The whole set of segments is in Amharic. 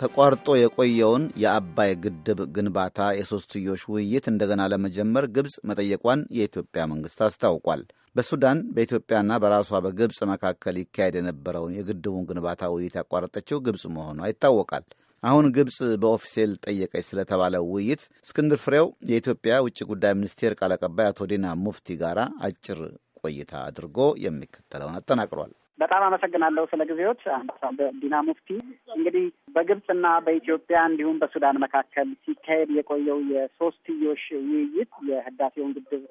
ተቋርጦ የቆየውን የአባይ ግድብ ግንባታ የሦስትዮሽ ውይይት እንደገና ለመጀመር ግብፅ መጠየቋን የኢትዮጵያ መንግሥት አስታውቋል። በሱዳን በኢትዮጵያና በራሷ በግብፅ መካከል ይካሄድ የነበረውን የግድቡን ግንባታ ውይይት ያቋረጠችው ግብፅ መሆኗ ይታወቃል። አሁን ግብፅ በኦፊሴል ጠየቀች ስለተባለው ውይይት እስክንድር ፍሬው የኢትዮጵያ ውጭ ጉዳይ ሚኒስቴር ቃል አቀባይ አቶ ዲና ሙፍቲ ጋር አጭር ቆይታ አድርጎ የሚከተለውን አጠናቅሯል። በጣም አመሰግናለሁ ስለ ጊዜዎች አምባሳደር ዲና ሙፍቲ። እንግዲህ በግብፅና በኢትዮጵያ እንዲሁም በሱዳን መካከል ሲካሄድ የቆየው የሶስትዮሽ ውይይት የህዳሴውን ግድብ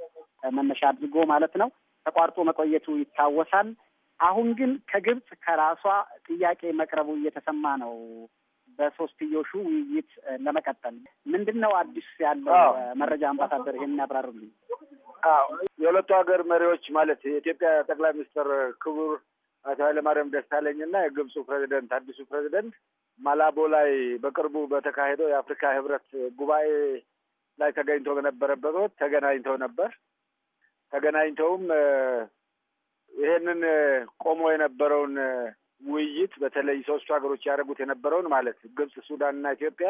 መነሻ አድርጎ ማለት ነው ተቋርጦ መቆየቱ ይታወሳል። አሁን ግን ከግብጽ ከራሷ ጥያቄ መቅረቡ እየተሰማ ነው። በሶስትዮሹ ውይይት ለመቀጠል ምንድን ነው አዲስ ያለው መረጃ አምባሳደር ይሄን ያብራሩልኝ። የሁለቱ ሀገር መሪዎች ማለት የኢትዮጵያ ጠቅላይ ሚኒስትር ክቡር አቶ ኃይለማርያም ደሳለኝ እና የግብፁ ፕሬዚደንት አዲሱ ፕሬዚደንት ማላቦ ላይ በቅርቡ በተካሄደው የአፍሪካ ህብረት ጉባኤ ላይ ተገኝቶ በነበረበት ወቅት ተገናኝተው ነበር። ተገናኝተውም ይሄንን ቆሞ የነበረውን ውይይት በተለይ ሶስቱ ሀገሮች ያደረጉት የነበረውን ማለት ግብፅ፣ ሱዳን እና ኢትዮጵያ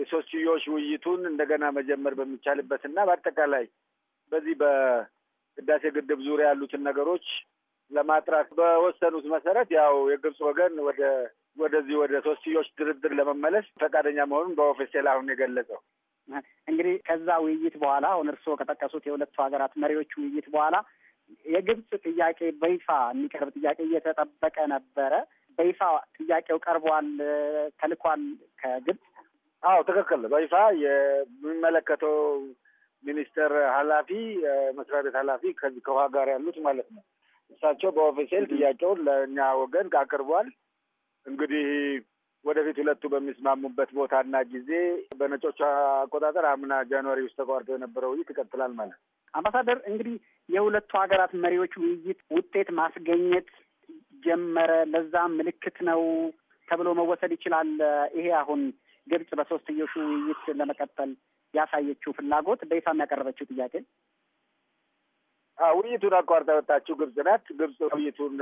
የሶስትዮሽ ውይይቱን እንደገና መጀመር በሚቻልበት እና በአጠቃላይ በዚህ በህዳሴ ግድብ ዙሪያ ያሉትን ነገሮች ለማጥራት በወሰኑት መሰረት ያው የግብፅ ወገን ወደ ወደዚህ ወደ ሶስትዮሽ ድርድር ለመመለስ ፈቃደኛ መሆኑን በኦፊሴል አሁን የገለጸው እንግዲህ ከዛ ውይይት በኋላ አሁን እርስዎ ከጠቀሱት የሁለቱ ሀገራት መሪዎች ውይይት በኋላ የግብፅ ጥያቄ በይፋ የሚቀርብ ጥያቄ እየተጠበቀ ነበረ። በይፋ ጥያቄው ቀርቧል፣ ተልኳል ከግብፅ። አዎ ትክክል። በይፋ የሚመለከተው ሚኒስቴር ኃላፊ መስሪያ ቤት ኃላፊ ከዚህ ከውሃ ጋር ያሉት ማለት ነው። እሳቸው በኦፊሴል ጥያቄውን ለእኛ ወገን አቅርቧል። እንግዲህ ወደፊት ሁለቱ በሚስማሙበት ቦታና ጊዜ በነጮቹ አቆጣጠር አምና ጃንዋሪ ውስጥ ተቋርጦ የነበረው ውይይት ይቀጥላል ማለት ነው። አምባሳደር እንግዲህ የሁለቱ ሀገራት መሪዎች ውይይት ውጤት ማስገኘት ጀመረ፣ ለዛ ምልክት ነው ተብሎ መወሰድ ይችላል። ይሄ አሁን ግብጽ በሶስትዮሹ ውይይት ለመቀጠል ያሳየችው ፍላጎት በይፋ ያቀረበችው ጥያቄ ውይይቱን አቋርጣ ወጣችው ግብጽ ናት። ግብጽ ውይይቱን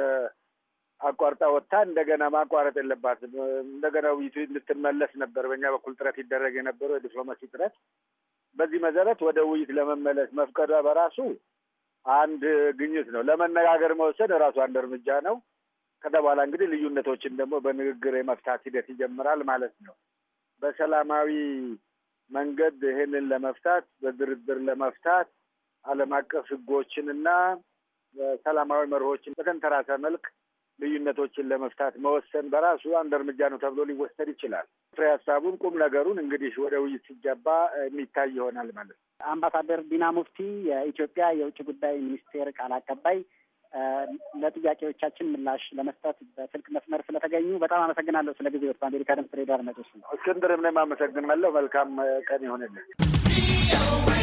አቋርጣ ወጥታ እንደገና ማቋረጥ የለባትም። እንደገና ውይይቱ እንድትመለስ ነበር በእኛ በኩል ጥረት ይደረግ የነበረው የዲፕሎማሲ ጥረት። በዚህ መሰረት ወደ ውይይት ለመመለስ መፍቀዷ በራሱ አንድ ግኝት ነው። ለመነጋገር መወሰድ ራሱ አንድ እርምጃ ነው። ከዛ በኋላ እንግዲህ ልዩነቶችን ደግሞ በንግግር የመፍታት ሂደት ይጀምራል ማለት ነው። በሰላማዊ መንገድ ይሄንን ለመፍታት በድርድር ለመፍታት ዓለም አቀፍ ህጎችንና ሰላማዊ መርሆችን በተንተራሰ መልክ ልዩነቶችን ለመፍታት መወሰን በራሱ አንድ እርምጃ ነው ተብሎ ሊወሰድ ይችላል። ፍሬ ሀሳቡን ቁም ነገሩን እንግዲህ ወደ ውይይት ሲገባ የሚታይ ይሆናል ማለት ነው። አምባሳደር ዲና ሙፍቲ የኢትዮጵያ የውጭ ጉዳይ ሚኒስቴር ቃል አቀባይ ለጥያቄዎቻችን ምላሽ ለመስጠት በስልክ መስመር ስለተገኙ በጣም አመሰግናለሁ። ስለ ጊዜዎት በአሜሪካ ድምፅ ሬዲዮ አድማጮች ነው። እስክንድርም እኔም አመሰግናለሁ። መልካም ቀን ይሆንልን።